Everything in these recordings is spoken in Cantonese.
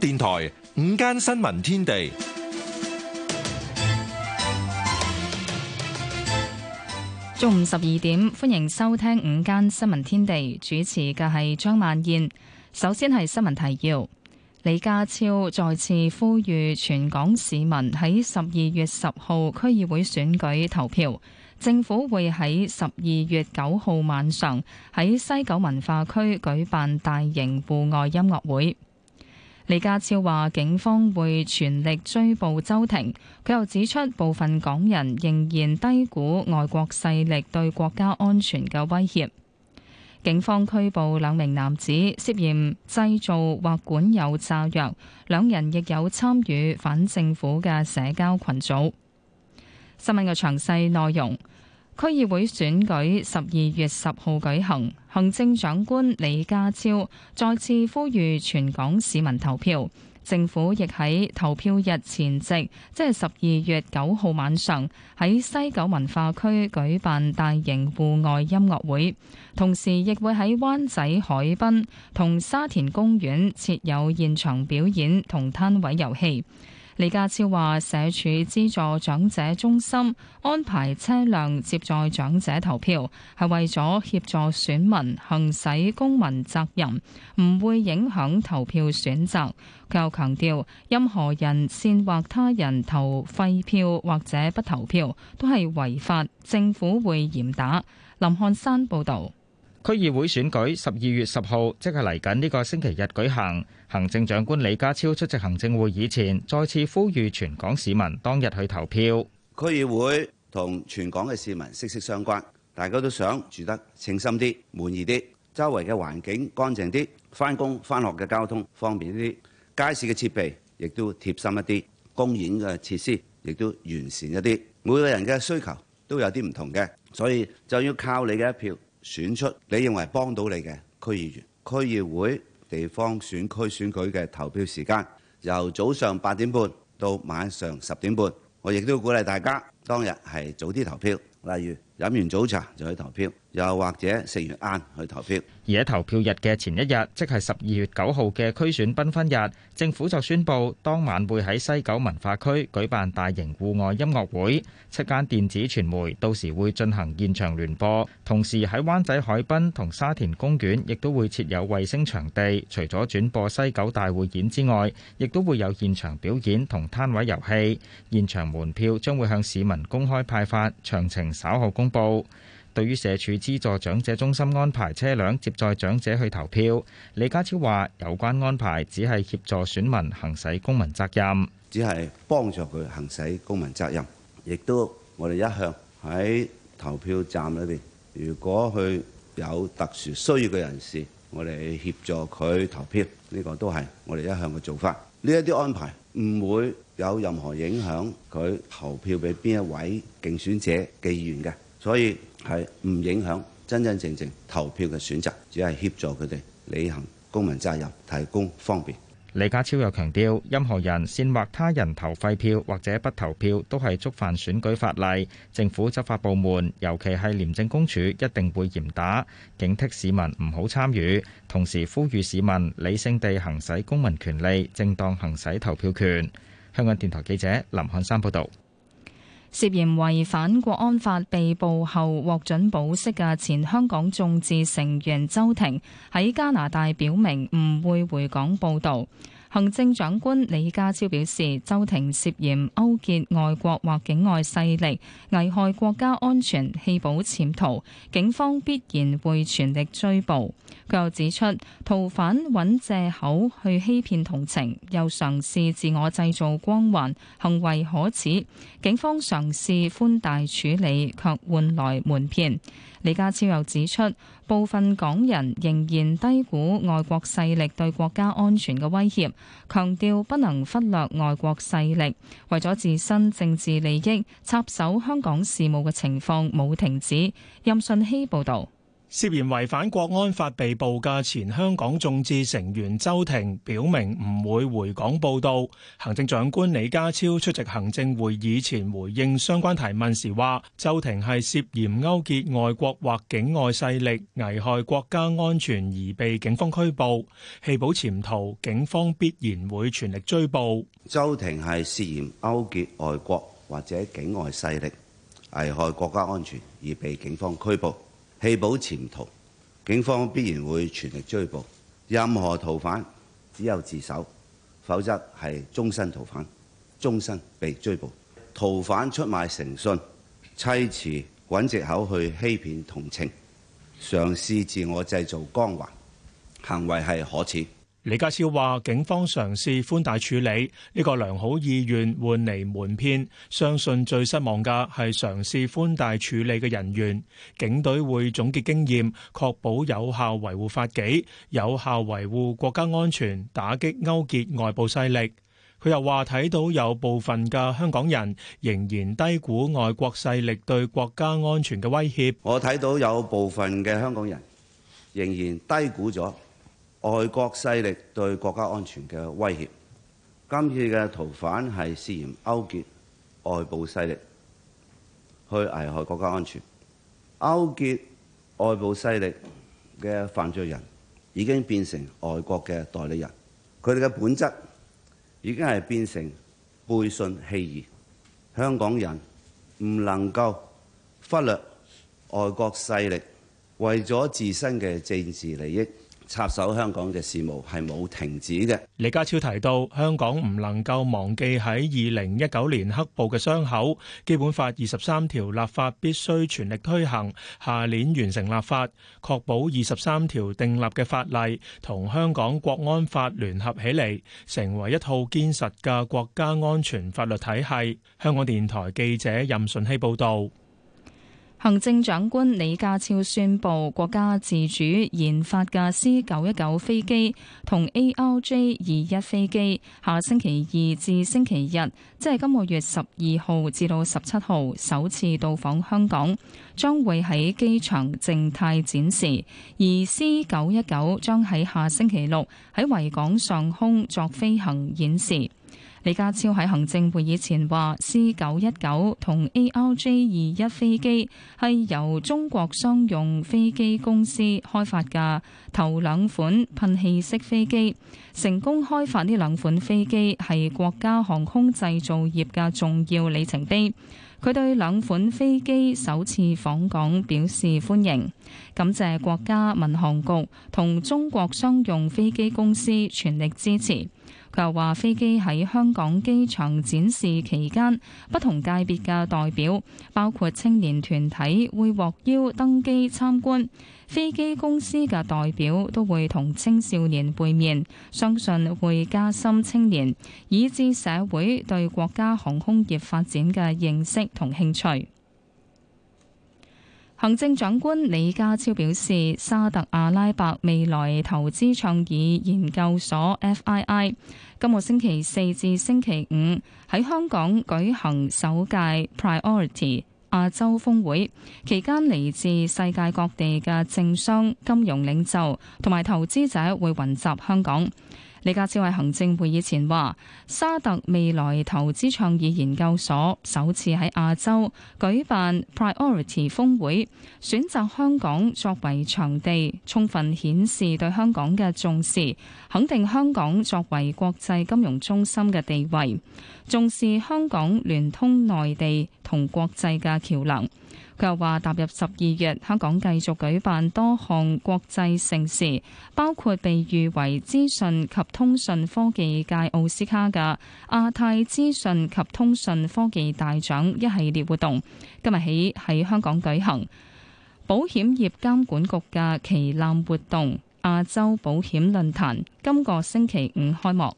電台午間新聞天地，中午十二點，歡迎收聽午間新聞天地，主持嘅係張曼燕。首先係新聞提要，李家超再次呼籲全港市民喺十二月十號區議會選舉投票。政府會喺十二月九號晚上喺西九文化區舉辦大型戶外音樂會。李家超話：警方會全力追捕周庭。佢又指出，部分港人仍然低估外國勢力對國家安全嘅威脅。警方拘捕兩名男子，涉嫌製造或管有炸藥，兩人亦有參與反政府嘅社交群組。新聞有詳細內容。區議會選舉十二月十號舉行，行政長官李家超再次呼籲全港市民投票。政府亦喺投票日前夕，即係十二月九號晚上，喺西九文化區舉辦大型戶外音樂會，同時亦會喺灣仔海濱同沙田公園設有現場表演同攤位遊戲。李家超話：社署資助長者中心安排車輛接載長者投票，係為咗協助選民行使公民責任，唔會影響投票選擇。佢又強調，任何人煽惑他人投廢票或者不投票，都係違法，政府會嚴打。林漢山報導。區議會選舉十二月十號，即係嚟緊呢個星期日舉行。行政長官李家超出席行政會議前，再次呼籲全港市民當日去投票。區議會同全港嘅市民息息相關，大家都想住得稱心啲、滿意啲，周圍嘅環境乾淨啲，翻工翻學嘅交通方便啲，街市嘅設備亦都貼心一啲，公園嘅設施亦都完善一啲。每個人嘅需求都有啲唔同嘅，所以就要靠你嘅一票。選出你認為幫到你嘅區議員。區議會地方選區選舉嘅投票時間，由早上八點半到晚上十點半。我亦都要鼓勵大家當日係早啲投票，例如飲完早茶就去投票。又或者食完晏去投票，而喺投票日嘅前一日，即係十二月九號嘅區選繽紛日，政府就宣布當晚會喺西九文化區舉辦大型戶外音樂會。七間電子傳媒到時會進行現場聯播，同時喺灣仔海濱同沙田公園亦都會設有衛星場地。除咗轉播西九大會演之外，亦都會有現場表演同攤位遊戲。現場門票將會向市民公開派發，詳情稍後公布。對於社署資助長者中心安排車輛接載長者去投票，李家超話：有關安排只係協助選民行使公民責任，只係幫助佢行使公民責任。亦都我哋一向喺投票站裏邊，如果佢有特殊需要嘅人士，我哋協助佢投票，呢個都係我哋一向嘅做法。呢一啲安排唔會有任何影響佢投票俾邊一位競選者嘅意願嘅，所以。係唔影響真真正正投票嘅選擇，只係協助佢哋履行公民責任，提供方便。李家超又強調，任何人煽惑他人投廢票或者不投票，都係觸犯選舉法例。政府執法部門，尤其係廉政公署，一定會嚴打，警惕市民唔好參與。同時呼籲市民理性地行使公民權利，正當行使投票權。香港電台記者林漢山報道。涉嫌違反國安法被捕後獲准保釋嘅前香港眾志成員周庭，喺加拿大表明唔會回港報到。行政長官李家超表示，周庭涉嫌勾結外國或境外勢力，危害國家安全，棄保潛逃，警方必然會全力追捕。佢又指出，逃犯揾借口去欺騙同情，又嘗試自我製造光環，行為可恥。警方嘗試寬大處理，卻換來瞞騙。李家超又指出，部分港人仍然低估外國勢力對國家安全嘅威脅。強調不能忽略外國勢力為咗自身政治利益插手香港事務嘅情況冇停止。任信熙報道。涉嫌違反國安法被捕嘅前香港眾志成員周庭表明唔會回港報到。行政長官李家超出席行政會議前回應相關提問時話，周庭係涉嫌勾結外國或境外勢力危害國家安全而被警方拘捕，棄保潛逃，警方必然會全力追捕。周庭係涉嫌勾結外國或者境外勢力危害國家安全而被警方拘捕。棄保潛逃，警方必然會全力追捕。任何逃犯只有自首，否則係終身逃犯，終身被追捕。逃犯出賣誠信、砌詞、揾藉口去欺騙同情，嘗試自我製造光環，行為係可恥。李家超話：警方嘗試寬大處理呢個良好意願換嚟瞞騙，相信最失望嘅係嘗試寬大處理嘅人員。警隊會總結經驗，確保有效維護法紀，有效維護國家安全，打擊勾結外部勢力。佢又話：睇到有部分嘅香港人仍然低估外國勢力對國家安全嘅威脅。我睇到有部分嘅香港人仍然低估咗外國勢力對國家安全嘅威脅，今次嘅逃犯係涉嫌勾結外部勢力，去危害國家安全。勾結外部勢力嘅犯罪人已經變成外國嘅代理人，佢哋嘅本質已經係變成背信棄義。香港人唔能夠忽略外國勢力，為咗自身嘅政治利益。插手香港嘅事務係冇停止嘅。李家超提到，香港唔能夠忘記喺二零一九年黑暴嘅傷口，基本法二十三條立法必須全力推行，下年完成立法，確保二十三條訂立嘅法例同香港國安法聯合起嚟，成為一套堅實嘅國家安全法律體系。香港電台記者任順希報導。行政長官李家超宣布，國家自主研發嘅 C 九一九飛機同 ARJ 二一飛機，下星期二至星期日，即係今個月十二號至到十七號，首次到訪香港，將會喺機場靜態展示，而 C 九一九將喺下星期六喺維港上空作飛行演示。李家超喺行政會議前話，C 九一九同 A R J 二一飛機係由中國商用飛機公司開發嘅頭兩款噴氣式飛機，成功開發呢兩款飛機係國家航空製造業嘅重要里程碑。佢對兩款飛機首次訪港表示歡迎，感謝國家民航局同中國商用飛機公司全力支持。佢話：飛機喺香港機場展示期間，不同界別嘅代表，包括青年團體，會獲邀登機參觀。飛機公司嘅代表都會同青少年會面，相信會加深青年以至社會對國家航空業發展嘅認識同興趣。行政長官李家超表示，沙特阿拉伯未來投資倡議研究所 （FII），今個星期四至星期五喺香港舉行首屆 Priority 亞洲峰會，期間嚟自世界各地嘅政商金融領袖同埋投資者會雲集香港。李家超喺行政會議前話：沙特未來投資倡議研究所首次喺亞洲舉辦 Priority 峰會，選擇香港作為場地，充分顯示對香港嘅重視，肯定香港作為國際金融中心嘅地位，重視香港聯通內地同國際嘅橋梁。佢又話：踏入十二月，香港繼續舉辦多項國際盛事，包括被譽為資訊及通訊科技界奧斯卡嘅亞太資訊及通訊科技大獎一系列活動，今日起喺香港舉行。保險業監管局嘅旗艦活動亞洲保險論壇今個星期五開幕。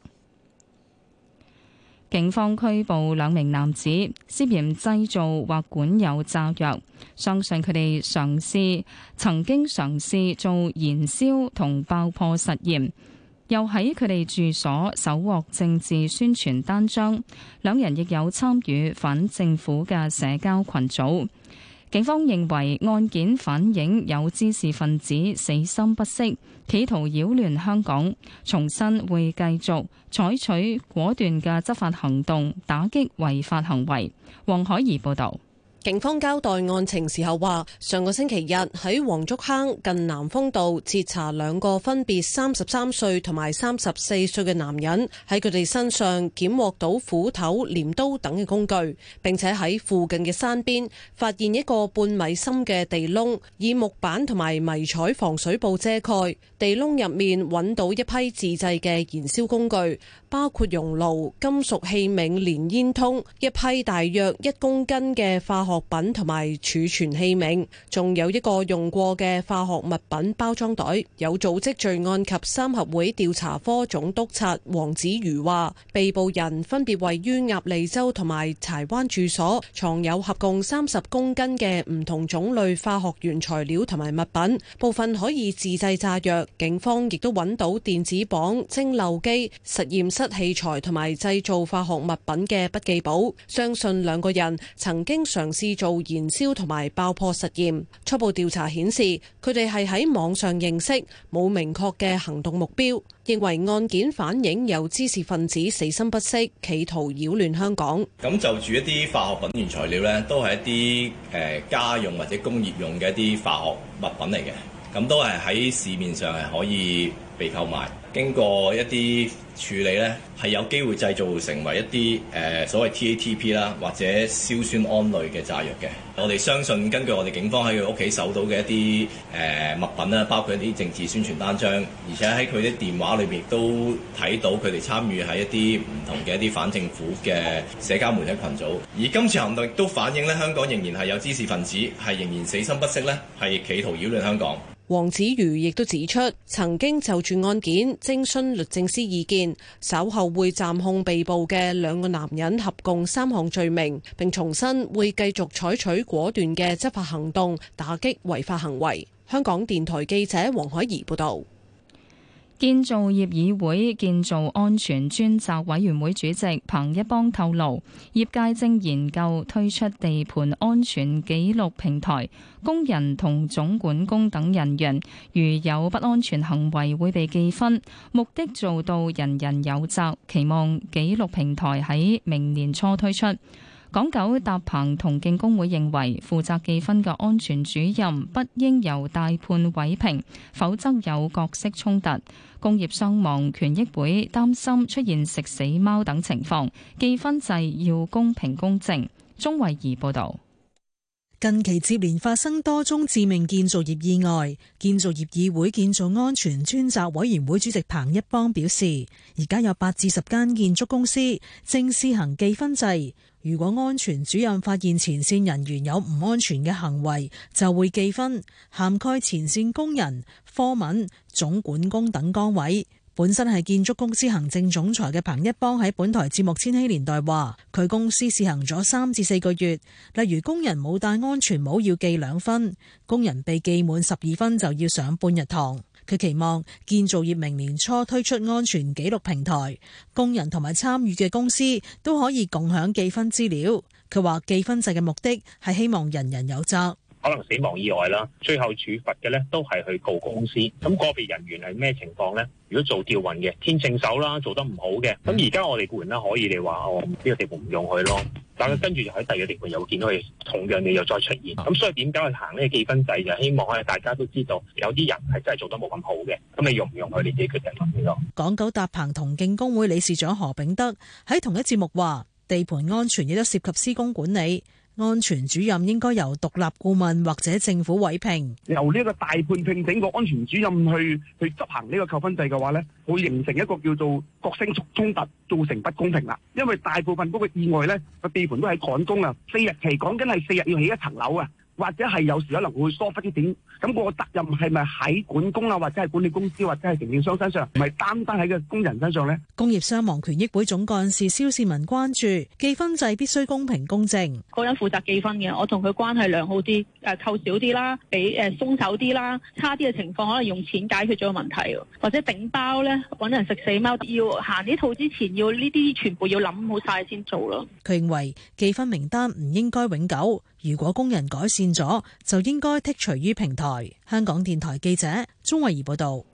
警方拘捕兩名男子，涉嫌製造或管有炸藥。相信佢哋嘗試曾經嘗試做燃燒同爆破實驗，又喺佢哋住所搜獲政治宣傳單張。兩人亦有參與反政府嘅社交群組。警方認為案件反映有知識分子死心不息，企圖擾亂香港，重申會繼續採取果斷嘅執法行動，打擊違法行為。黃海怡報導。警方交代案情時候話，上個星期日喺黃竹坑近南風道截查兩個分別三十三歲同埋三十四歲嘅男人，喺佢哋身上檢獲到斧頭、鐮刀等嘅工具，並且喺附近嘅山邊發現一個半米深嘅地窿，以木板同埋迷彩防水布遮蓋，地窿入面揾到一批自製嘅燃燒工具，包括熔爐、金屬器皿、連煙通，一批大約一公斤嘅化學。物品同埋儲存器皿，仲有一個用過嘅化學物品包裝袋。有組織罪案及三合會調查科總督察黃子瑜話，被捕人分別位於鴨脷洲同埋柴灣住所，藏有合共三十公斤嘅唔同種類化學原材料同埋物品，部分可以自製炸藥。警方亦都揾到電子磅、蒸餾機、實驗室器材同埋製造化學物品嘅筆記簿。相信兩個人曾經嘗試。做燃燒同埋爆破實驗，初步調查顯示，佢哋係喺網上認識，冇明確嘅行動目標，認為案件反映有知識分子死心不息，企圖擾亂香港。咁就住一啲化學品原材料咧，都係一啲誒家用或者工業用嘅一啲化學物品嚟嘅，咁都係喺市面上係可以。被購買，經過一啲處理咧，係有機會製造成為一啲誒、呃、所謂 TATP 啦，或者硝酸胺類嘅炸藥嘅。我哋相信根據我哋警方喺佢屋企搜到嘅一啲誒、呃、物品啦，包括一啲政治宣傳單張，而且喺佢啲電話裏面都睇到佢哋參與喺一啲唔同嘅一啲反政府嘅社交媒體群組。而今次行動亦都反映咧，香港仍然係有知識分子係仍然死心不息咧，係企圖擾亂香港。黃子瑜亦都指出，曾經就住案件徵詢律政司意見，稍後會暫控被捕嘅兩個男人合共三項罪名，並重申會繼續採取果斷嘅執法行動，打擊違法行為。香港電台記者黃海怡報道。建造業議會建造安全專責委員會主席彭一邦透露，業界正研究推出地盤安全記錄平台，工人同總管工等人員如有不安全行為會被記分，目的做到人人有責。期望記錄平台喺明年初推出。港九搭棚同建工會認為，負責記分嘅安全主任不應由大判委評，否則有角色衝突。工業傷亡權益會擔心出現食死貓等情況。記分制要公平公正。鍾慧儀報導。近期接連發生多宗致命建造業意外，建造業議會建造安全專責委員會主席彭一邦表示，而家有八至十間建築公司正試行記分制。如果安全主任發現前線人員有唔安全嘅行為，就會記分，涵蓋前線工人、科文、總管工等崗位。本身係建築公司行政總裁嘅彭一邦喺本台節目《千禧年代》話，佢公司試行咗三至四個月，例如工人冇戴安全帽要記兩分，工人被記滿十二分就要上半日堂。佢期望建造業明年初推出安全記錄平台，工人同埋參與嘅公司都可以共享記分資料。佢話記分制嘅目的係希望人人有責。可能死亡意外啦，最後處罰嘅咧都係去告公司。咁、那個別人員係咩情況咧？如果做吊運嘅天秤手啦，做得唔好嘅，咁而家我哋固然啦可以哋話唔知個地盤唔用佢咯。但係跟住就喺第二個地盤又會見到佢同樣嘅又再出現。咁所以點解行呢記分制？就希望啊大家都知道有啲人係真係做得冇咁好嘅。咁你用唔用佢自己決定咁樣咯？港九搭棚同競工會理事長何炳德喺同一節目話：地盤安全亦都涉及施工管理。安全主任應該由獨立顧問或者政府委聘，由呢一個大判聘整個安全主任去去執行呢個扣分制嘅話咧，會形成一個叫做角色衝突，造成不公平啦。因為大部分嗰個意外咧，個地盤都喺趕工啊，四日期講緊係四日要起一層樓啊。或者係有時可能會疏忽啲點，咁個責任係咪喺管工啊，或者係管理公司，或者係營業商身上，唔係單單喺個工人身上咧。工業傷亡權益會總幹事蕭市民關注記分制必須公平公正，個人負責記分嘅，我同佢關係良好啲，誒扣少啲啦，俾誒鬆手啲啦，差啲嘅情況可能用錢解決咗個問題，或者頂包咧，揾人食死貓，要行呢套之前要呢啲全部要諗好晒先做咯。佢認為記分名單唔應該永久。如果工人改善咗，就應該剔除於平台。香港電台記者鍾慧儀報道，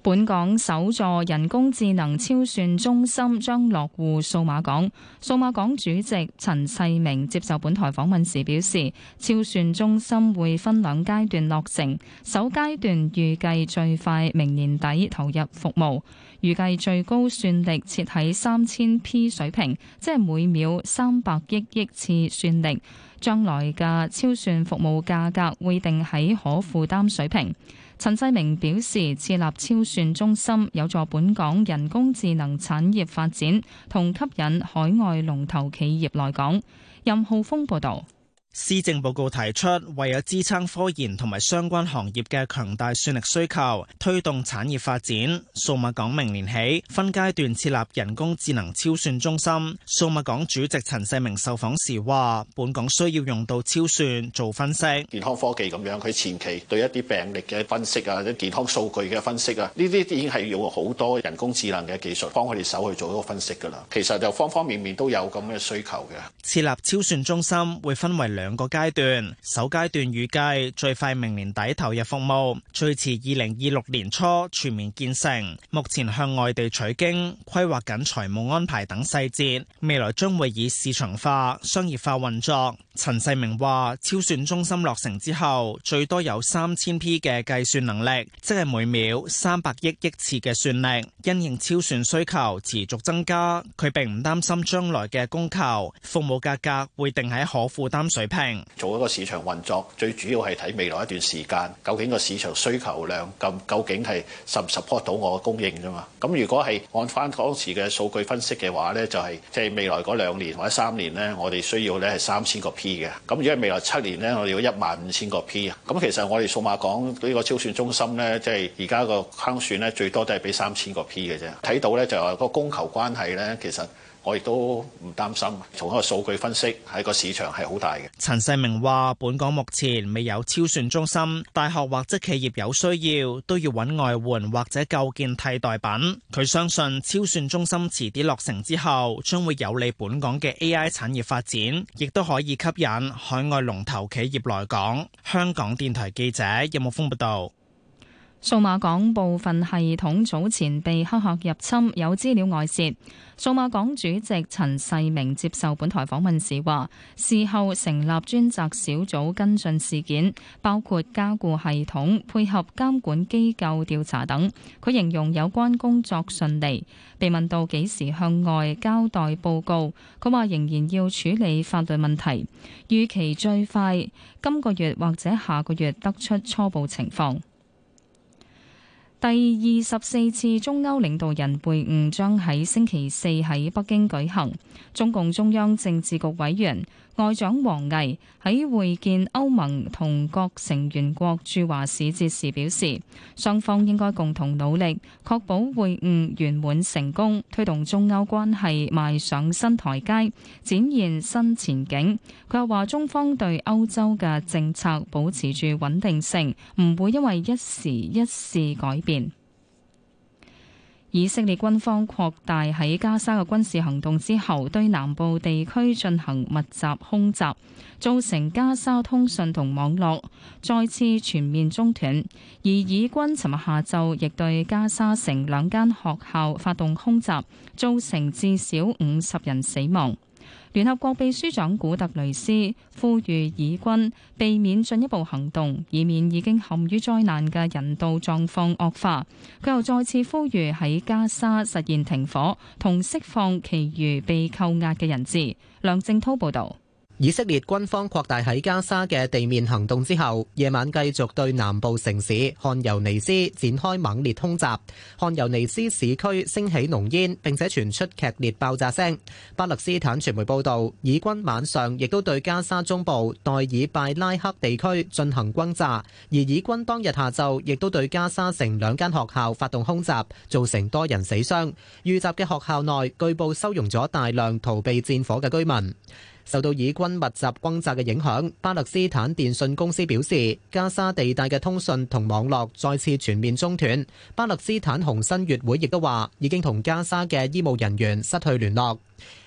本港首座人工智能超算中心將落戶數碼港。數碼港主席陳世明接受本台訪問時表示，超算中心會分兩階段落成，首階段預計最快明年底投入服務，預計最高算力設喺三千 P 水平，即係每秒三百億億次算力。將來嘅超算服務價格會定喺可負擔水平。陳世明表示，設立超算中心有助本港人工智能產業發展，同吸引海外龍頭企業來港。任浩峰報導。施政報告提出，為咗支撐科研同埋相關行業嘅強大算力需求，推動產業發展。數碼港明年起分階段設立人工智能超算中心。數碼港主席陳世明受訪時話，本港需要用到超算做分析，健康科技咁樣，佢前期對一啲病歷嘅分析啊，或者健康數據嘅分析啊，呢啲已經係用好多人工智能嘅技術幫我哋手去做一個分析噶啦。其實就方方面面都有咁嘅需求嘅。設立超算中心會分為兩。兩個階段，首階段預計最快明年底投入服務，最遲二零二六年初全面建成。目前向外地取經，規劃緊財務安排等細節，未來將會以市場化、商業化運作。陳世明話：超算中心落成之後，最多有三千 P 嘅計算能力，即係每秒三百億億次嘅算力。因應超算需求持續增加，佢並唔擔心將來嘅供求，服務價格會定喺可負擔水平。做一個市場運作，最主要係睇未來一段時間，究竟個市場需求量咁，究竟係十唔 support 到我嘅供應啫嘛。咁如果係按翻當時嘅數據分析嘅話呢就係、是、即係未來嗰兩年或者三年呢，我哋需要呢係三千個。P 嘅，咁如果係未來七年咧，我哋要一萬五千個 P 啊！咁其實我哋數碼港呢個超算中心咧，即係而家個坑選咧，最多都係俾三千個 P 嘅啫。睇到咧就話個供求關係咧，其實。我亦都唔擔心，從一個數據分析喺個市場係好大嘅。陳世明話，本港目前未有超算中心，大學或者企業有需要都要揾外援或者構建替代品。佢相信超算中心遲啲落成之後，將會有利本港嘅 AI 產業發展，亦都可以吸引海外龍頭企業來港。香港電台記者任木峯報道。數碼港部分系統早前被黑客入侵，有資料外泄。數碼港主席陳世明接受本台訪問時話，事後成立專責小組跟進事件，包括加固系統、配合監管機構調查等。佢形容有關工作順利。被問到幾時向外交代報告，佢話仍然要處理法律問題，預期最快今個月或者下個月得出初步情況。第二十四次中歐領導人會晤將喺星期四喺北京舉行。中共中央政治局委員，外長王毅喺會見歐盟同各成員國駐華使節時表示，雙方應該共同努力，確保會晤圓滿成功，推動中歐關係邁上新台階，展現新前景。佢又話，中方對歐洲嘅政策保持住穩定性，唔會因為一時一事改變。以色列軍方擴大喺加沙嘅軍事行動之後，對南部地區進行密集空襲，造成加沙通訊同網絡再次全面中斷。而以軍尋日下晝亦對加沙城兩間學校發動空襲，造成至少五十人死亡。聯合國秘書長古特雷斯呼籲以軍避免進一步行動，以免已經陷於災難嘅人道狀況惡化。佢又再次呼籲喺加沙實現停火同釋放其餘被扣押嘅人質。梁正滔報導。以色列軍方擴大喺加沙嘅地面行動之後，夜晚繼續對南部城市汗尤尼斯展開猛烈空襲。汗尤尼斯市區升起濃煙，並且傳出劇烈爆炸聲。巴勒斯坦傳媒報道，以軍晚上亦都對加沙中部代爾拜拉克地區進行轟炸，而以軍當日下晝亦都對加沙城兩間學校發動空襲，造成多人死傷。遇襲嘅學校內據報收容咗大量逃避戰火嘅居民。受到以軍密集轟炸嘅影響，巴勒斯坦電訊公司表示，加沙地帶嘅通訊同網絡再次全面中斷。巴勒斯坦紅新月會亦都話，已經同加沙嘅醫務人員失去聯絡。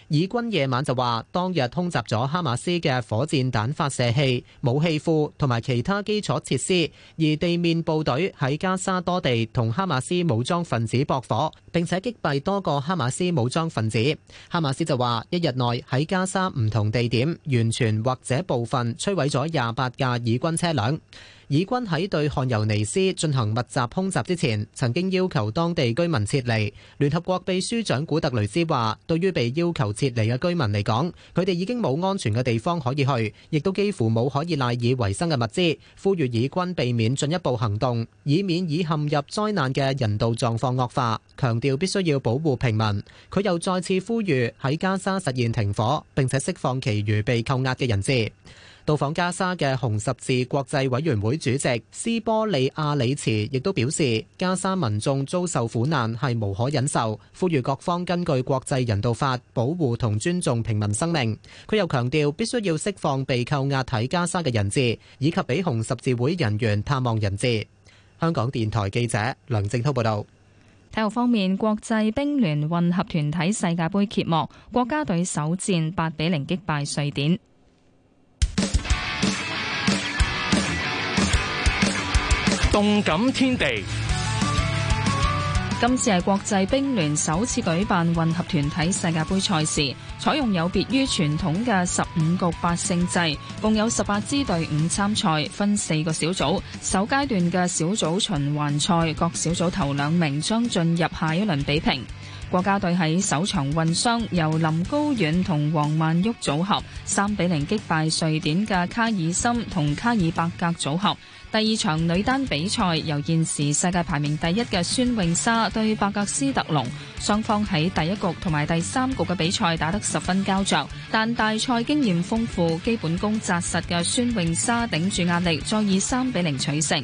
以軍夜晚就話，當日空襲咗哈馬斯嘅火箭彈發射器、武器庫同埋其他基礎設施，而地面部隊喺加沙多地同哈馬斯武裝分子駁火，並且擊斃多個哈馬斯武裝分子。哈馬斯就話，一日內喺加沙唔同地點完全或者部分摧毀咗廿八架以軍車輛。以軍喺對漢尤尼斯進行密集空襲之前，曾經要求當地居民撤離。聯合國秘書長古特雷斯話：對於被要求撤離嘅居民嚟講，佢哋已經冇安全嘅地方可以去，亦都幾乎冇可以賴以為生嘅物資。呼籲以軍避免進一步行動，以免已陷入災難嘅人道狀況惡化，強調必須要保護平民。佢又再次呼籲喺加沙實現停火，並且釋放其餘被扣押嘅人質。到訪加沙嘅紅十字國際委員會主席斯波利亞里茨亦都表示，加沙民眾遭受苦難係無可忍受，呼籲各方根據國際人道法保護同尊重平民生命。佢又強調，必須要釋放被扣押喺加沙嘅人質，以及俾紅十字會人員探望人質。香港電台記者梁正滔報導。體育方面，國際乒聯混合團體世界盃揭幕，國家隊首戰八比零擊敗瑞典。動感天地，今次係國際乒聯首次舉辦混合團體世界盃賽事，採用有別於傳統嘅十五局八勝制，共有十八支隊伍參賽，分四個小組。首階段嘅小組循環賽，各小組頭兩名將進入下一輪比拼。國家隊喺首場混雙由林高遠同王曼昱組合三比零擊敗瑞典嘅卡爾森同卡爾伯格組合。第二場女單比賽由現時世界排名第一嘅孫穎莎對伯格斯特龍，雙方喺第一局同埋第三局嘅比賽打得十分膠着，但大賽經驗豐富、基本功扎實嘅孫穎莎頂住壓力，再以三比零取勝。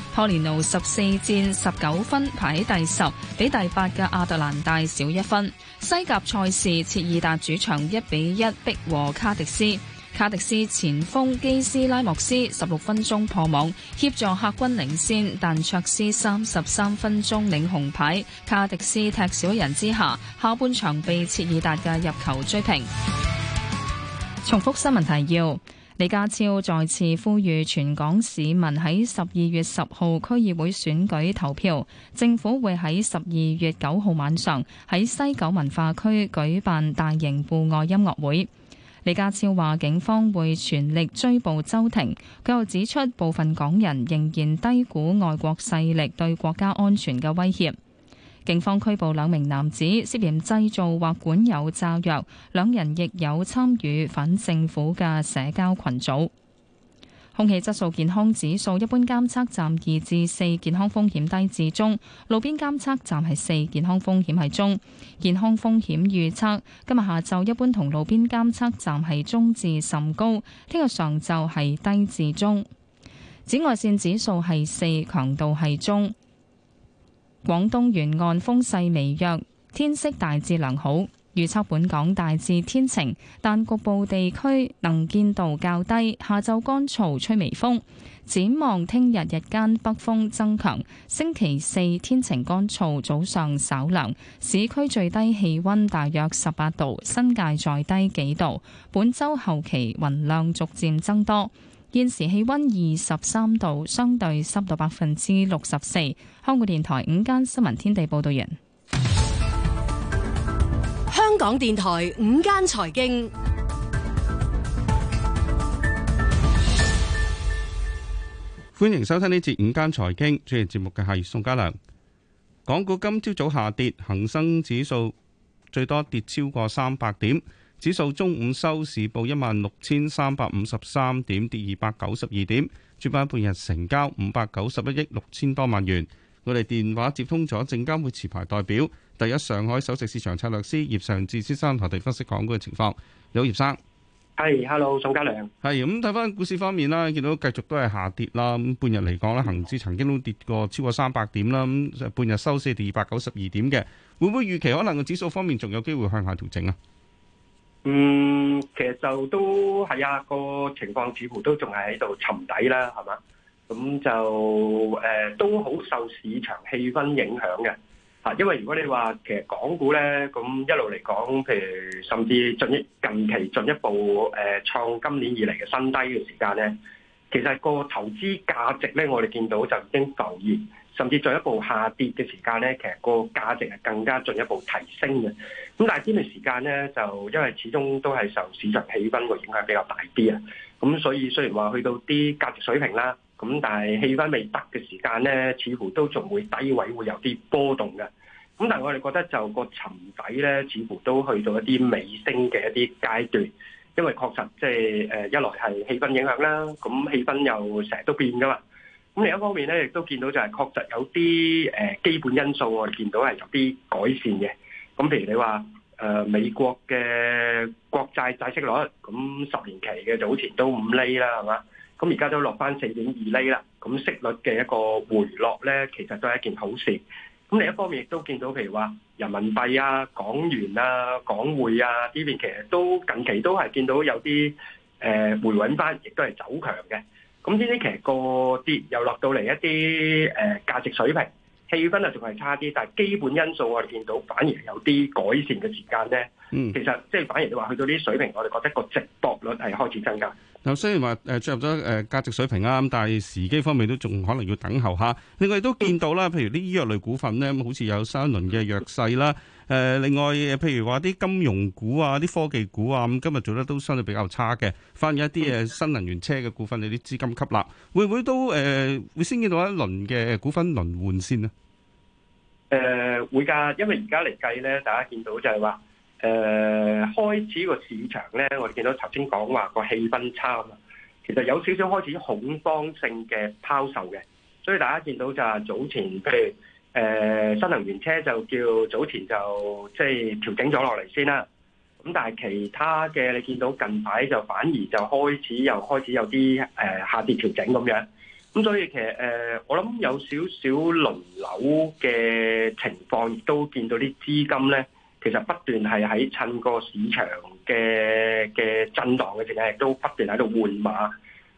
托連奴十四戰十九分排喺第十，比第八嘅亞特蘭大少一分。西甲賽事，切爾達主場一比一逼和卡迪斯。卡迪斯前鋒基斯拉莫斯十六分鐘破網，協助客軍領先，但卓斯三十三分鐘領紅牌。卡迪斯踢少一人之下，下半場被切爾達嘅入球追平。重複新聞提要。李家超再次呼籲全港市民喺十二月十號區議會選舉投票，政府會喺十二月九號晚上喺西九文化區舉辦大型戶外音樂會。李家超話警方會全力追捕周庭，佢又指出部分港人仍然低估外國勢力對國家安全嘅威脅。警方拘捕兩名男子，涉嫌製造或管有炸藥。兩人亦有參與反政府嘅社交群組。空氣質素健康指數一般監測站二至四，健康風險低至中；路邊監測站係四，健康風險係中。健康風險預測今日下晝一般同路邊監測站係中至甚高，聽日上晝係低至中。紫外線指數係四，強度係中。廣東沿岸風勢微弱，天色大致良好。預測本港大致天晴，但局部地區能見度較低。下晝乾燥，吹微風。展望聽日日間北風增強，星期四天晴乾燥，早上稍涼，市區最低氣溫大約十八度，新界再低幾度。本周後期雲量逐漸增多。現時氣溫二十三度，相對濕度百分之六十四。香港電台午間新聞天地報道員，香港電台午間財經，歡迎收聽呢節午間財經。主持節目嘅係宋家良。港股今朝早下跌，恒生指數最多跌超過三百點。指數中午收市報一萬六千三百五十三點，跌二百九十二點。主板半日成交五百九十一億六千多萬元。我哋電話接通咗證監會持牌代表，第一上海首席市場策略師葉尚志先生同我哋分析講嗰個情況。你好，葉生，係，hello，宋家良，係。咁睇翻股市方面啦，見到繼續都係下跌啦。咁半日嚟講咧，恒指曾經都跌過超過三百點啦。咁半日收市跌二百九十二點嘅，會唔會預期可能個指數方面仲有機會向下調整啊？嗯，其實就都係啊，個情況似乎都仲係喺度沉底啦，係嘛？咁就誒、呃，都好受市場氣氛影響嘅吓，因為如果你話其實港股咧，咁一路嚟講，譬如甚至近日近期進一步誒創、呃、今年以嚟嘅新低嘅時間咧。其實個投資價值咧，我哋見到就已經浮現，甚至進一步下跌嘅時間咧，其實個價值係更加進一步提升嘅。咁但係呢段時間咧，就因為始終都係受市場氣氛個影響比較大啲啊。咁所以雖然話去到啲價值水平啦，咁但係氣氛未得嘅時間咧，似乎都仲會低位會有啲波動嘅。咁但係我哋覺得就個沉底咧，似乎都去到一啲尾聲嘅一啲階段。因為確實即係誒，一來係氣氛影響啦，咁氣氛又成日都變噶嘛。咁另一方面咧，亦都見到就係確實有啲誒基本因素我哋見到係有啲改善嘅。咁譬如你話誒、呃、美國嘅國債債息率，咁十年期嘅早前都五厘啦，係嘛？咁而家都落翻四點二厘啦。咁息率嘅一個回落咧，其實都係一件好事。咁另一方面亦都見到，譬如話人民幣啊、港元啊、港匯啊，呢邊其實都近期都係見到有啲誒、呃、回穩返，亦都係走強嘅。咁呢啲其實個跌，又落到嚟一啲誒價值水平，氣氛啊仲係差啲，但係基本因素我哋見到反而有啲改善嘅時間咧。嗯，其實即係反而你話去到呢啲水平，我哋覺得個值博率係開始增加。嗱，雖然話誒進入咗誒價值水平啊，咁但係時機方面都仲可能要等候下。另外都見到啦，譬如啲醫藥類股份咧，咁好似有三輪嘅弱勢啦。誒，另外譬如話啲金融股啊、啲科技股啊，咁今日做得都相對比較差嘅。翻緊一啲誒新能源車嘅股份你啲資金吸納，會唔會都誒、呃、會先見到一輪嘅股份輪換先咧？誒、呃，會噶，因為而家嚟計咧，大家見到就係話。誒、呃，開始個市場咧，我哋見到頭先講話個氣氛差啊嘛，其實有少少開始恐慌性嘅拋售嘅，所以大家見到就係早前，譬如誒、呃、新能源車就叫早前就即係調整咗落嚟先啦。咁但係其他嘅你見到近排就反而就開始又開始有啲誒、呃、下跌調整咁樣。咁所以其實誒、呃，我諗有少少輪流嘅情況，亦都見到啲資金咧。其實不斷係喺趁個市場嘅嘅震蕩嘅時間亦都不斷喺度換馬。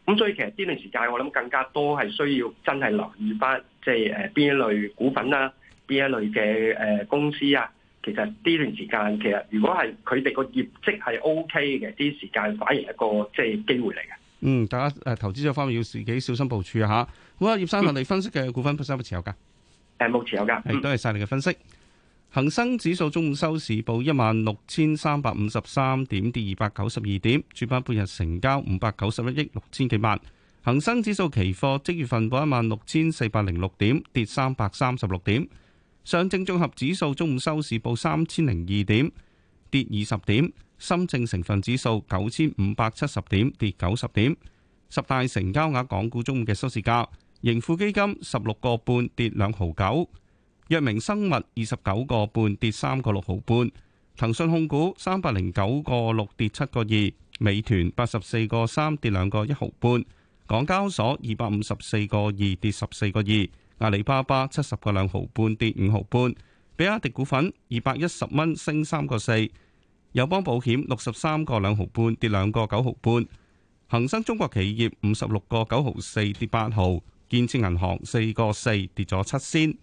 咁所以其實呢段時間我諗更加多係需要真係留意翻，即係誒邊一類股份啦、啊，邊一類嘅誒公司啊。其實呢段時間其實如果係佢哋個業績係 OK 嘅，啲時間反而一個即係機會嚟嘅。嗯，大家誒投資咗方面要自己小心部署下、啊。好啦、啊，葉生問你、嗯、分析嘅股份，不不持有噶？誒、嗯，冇持有噶。係、嗯，多謝晒你嘅分析。恒生指數中午收市報一萬六千三百五十三點，跌二百九十二點，主板半日成交五百九十一億六千幾萬。恒生指數期貨即月份報一萬六千四百零六點，跌三百三十六點。上證綜合指數中午收市報三千零二點，跌二十點。深證成分指數九千五百七十點，跌九十點。十大成交額港股中午嘅收市價，盈富基金十六個半跌兩毫九。藥明生物二十九個半跌三個六毫半，騰訊控股三百零九個六跌七個二，美團八十四個三跌兩個一毫半，港交所二百五十四個二跌十四個二，阿里巴巴七十個兩毫半跌五毫半，比亞迪股份二百一十蚊升三個四，友邦保險六十三個兩毫半跌兩個九毫半，恒生中國企業五十六個九毫四跌八毫，建設銀行四個四跌咗七仙。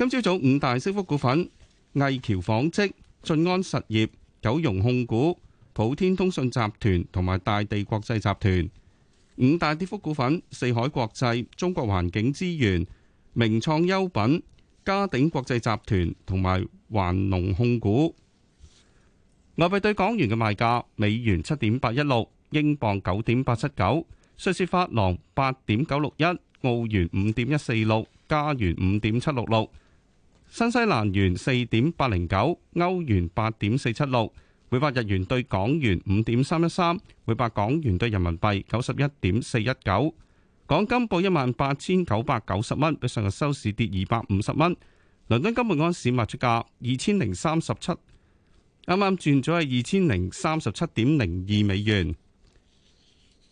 今朝早五大升幅股份：魏橋紡織、駿安實業、九融控股、普天通信集團同埋大地國際集團。五大跌幅股份：四海國際、中國環境資源、名創優品、嘉鼎國際集團同埋環龍控股。外幣對港元嘅賣價：美元七點八一六，英鎊九點八七九，瑞士法郎八點九六一，澳元五點一四六，加元五點七六六。新西蘭元四點八零九，歐元八點四七六，每百日元對港元五點三一三，每百港元對人民幣九十一點四一九。港金報一萬八千九百九十蚊，比上日收市跌二百五十蚊。倫敦金本港市賣出價二千零三十七，啱啱轉咗係二千零三十七點零二美元。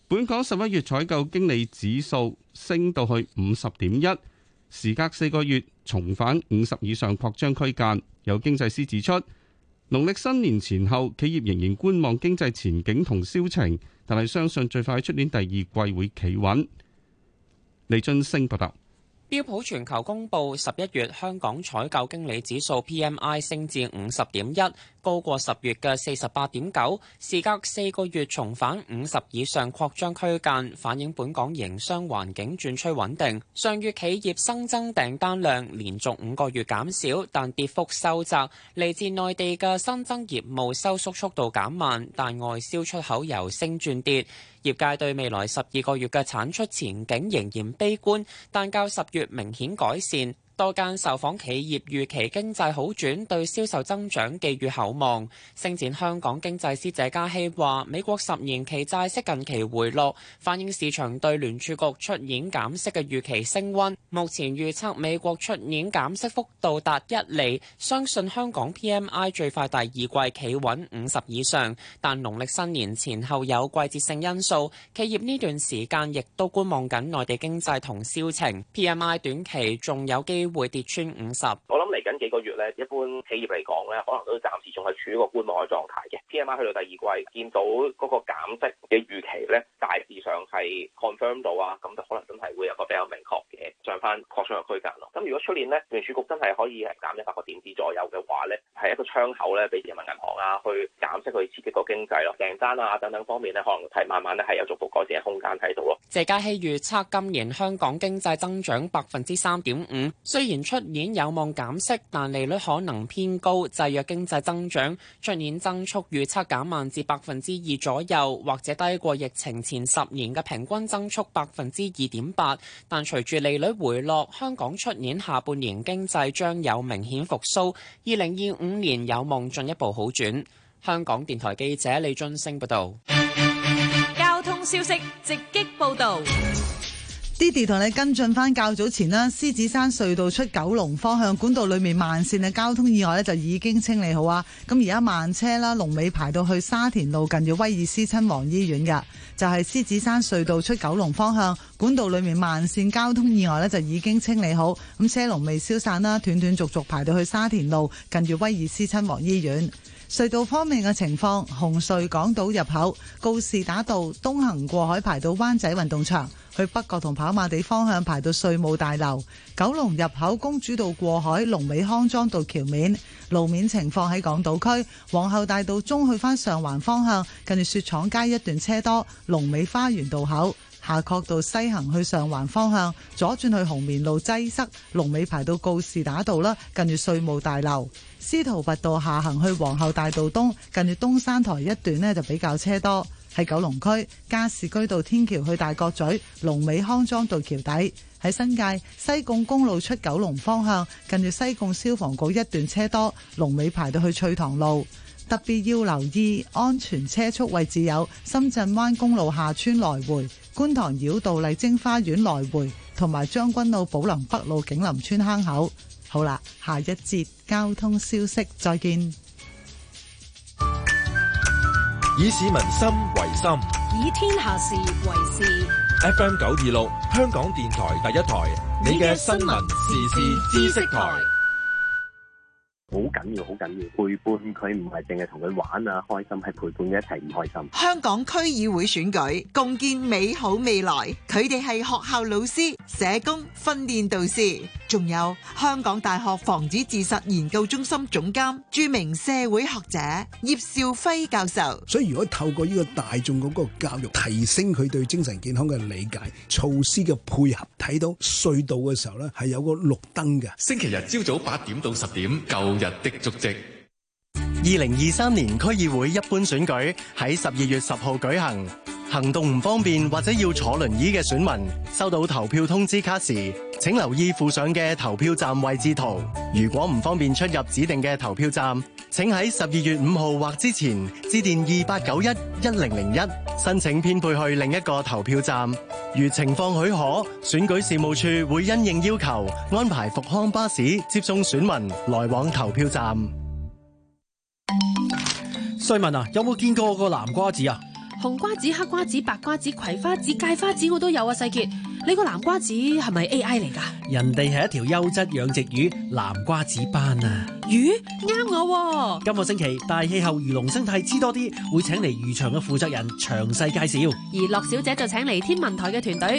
本港十一月採購經理指數升到去五十點一。時隔四個月，重返五十以上擴張區間。有經濟師指出，農曆新年前後，企業仍然觀望經濟前景同銷情，但係相信最快喺出年第二季會企穩。李俊升報道。標普全球公布十一月香港採購經理指數 PMI 升至五十點一，高過十月嘅四十八點九，時隔四個月重返五十以上擴張區間，反映本港營商環境轉趨穩定。上月企業新增訂單量連續五個月減少，但跌幅收窄。嚟自內地嘅新增業務收縮速度減慢，但外銷出口由升轉跌。業界對未來十二個月嘅產出前景仍然悲觀，但較十月明顯改善。多間受訪企業預期經濟好轉，對銷售增長寄予厚望。星展香港經濟師謝嘉熙話：美國十年期債息近期回落，反映市場對聯儲局出現減息嘅預期升溫。目前預測美國出現減息幅度達一厘，相信香港 PMI 最快第二季企穩五十以上。但農曆新年前後有季節性因素，企業呢段時間亦都觀望緊內地經濟同銷情。PMI 短期仲有機會會跌穿五十，我諗嚟緊幾個月咧，一般企業嚟講咧，可能都暫時仲係處於個觀望嘅狀態嘅。PMI，去到第二季，見到嗰個減息嘅預期咧，大致上係 confirm 到啊，咁就可能真係會有個比較明確。上翻擴出嘅區間咯，咁、嗯、如果出年咧，聯儲局真係可以係減一百個點子左右嘅話呢，係一個窗口呢俾人民銀行啊，去減息去刺激個經濟咯、啊，訂單啊等等方面呢可能係慢慢咧係有逐步改善嘅空間喺度咯。謝嘉熙預測今年香港經濟增長百分之三點五，雖然出年有望減息，但利率可能偏高，制約經濟增長。出年增速預測減慢至百分之二左右，或者低過疫情前十年嘅平均增速百分之二點八，但隨住利率。回落，香港出年下半年經濟將有明顯復蘇，二零二五年有望進一步好轉。香港電台記者李俊升報道。交通消息直擊報道，Diddy 同你跟進翻較早前啦，獅子山隧道出九龍方向管道裏面慢線嘅交通意外咧，就已經清理好啊。咁而家慢車啦，龍尾排到去沙田路近住威爾斯親王醫院噶。就係獅子山隧道出九龍方向管道裏面慢線交通意外呢，就已經清理好，咁車龍未消散啦，斷斷續續排到去沙田路，近住威爾斯親王醫院。隧道方面嘅情況，紅隧港島入口告士打道東行過海排到灣仔運動場去北角同跑馬地方向排到稅務大樓九龍入口公主道過海，龍尾康莊道橋面路面情況，喺港島區皇后大道中去翻上環方向，近住雪廠街一段車多，龍尾花園道口。夏慤道西行去上環方向，左轉去紅棉路擠塞，龍尾排到告士打道啦，近住稅務大樓。司徒拔道下行去皇后大道東，近住東山台一段呢就比較車多。喺九龍區，加士居道天橋去大角咀，龍尾康莊道橋底。喺新界，西貢公路出九龍方向，近住西貢消防局一段車多，龍尾排到去翠塘路。特別要留意安全車速位置，有深圳灣公路下村來回、觀塘繞道麗晶花園來回，同埋將軍澳寶林北路景林村坑口。好啦，下一節交通消息，再見。以市民心為心，以天下事為事。F M 九二六，香港電台第一台，你嘅新聞時事知識台。好緊要，好緊要，陪伴佢唔係淨係同佢玩啊，開心係陪伴佢一齊唔開心。香港區議會選舉，共建美好未來。佢哋係學校老師、社工、訓練導師，仲有香港大學防止自殺研究中心總監、著名社會學者葉兆輝教授。所以如果透過呢個大眾嗰個教育，提升佢對精神健康嘅理解、措施嘅配合，睇到隧道嘅時候呢係有個綠燈嘅。星期日朝早八點到十點，舊日的足跡。二零二三年區議會一般選舉喺十二月十號舉行。行動唔方便或者要坐輪椅嘅選民，收到投票通知卡時，請留意附上嘅投票站位置圖。如果唔方便出入指定嘅投票站，請喺十二月五號或之前致電二八九一一零零一申請編配去另一個投票站。如情況許可，選舉事務處會因應要求安排復康巴士接送選民來往投票站。瑞文啊，有冇見過個南瓜子啊？紅瓜子、黑瓜子、白瓜子、葵花籽、芥花籽，花我都有啊！世杰，你個南瓜子係咪 AI 嚟噶？人哋係一條優質養殖魚，南瓜子斑啊！魚啱、呃、我、啊。今個星期大氣候魚龍生態知多啲，會請嚟漁場嘅負責人詳細介紹，而樂小姐就請嚟天文台嘅團隊。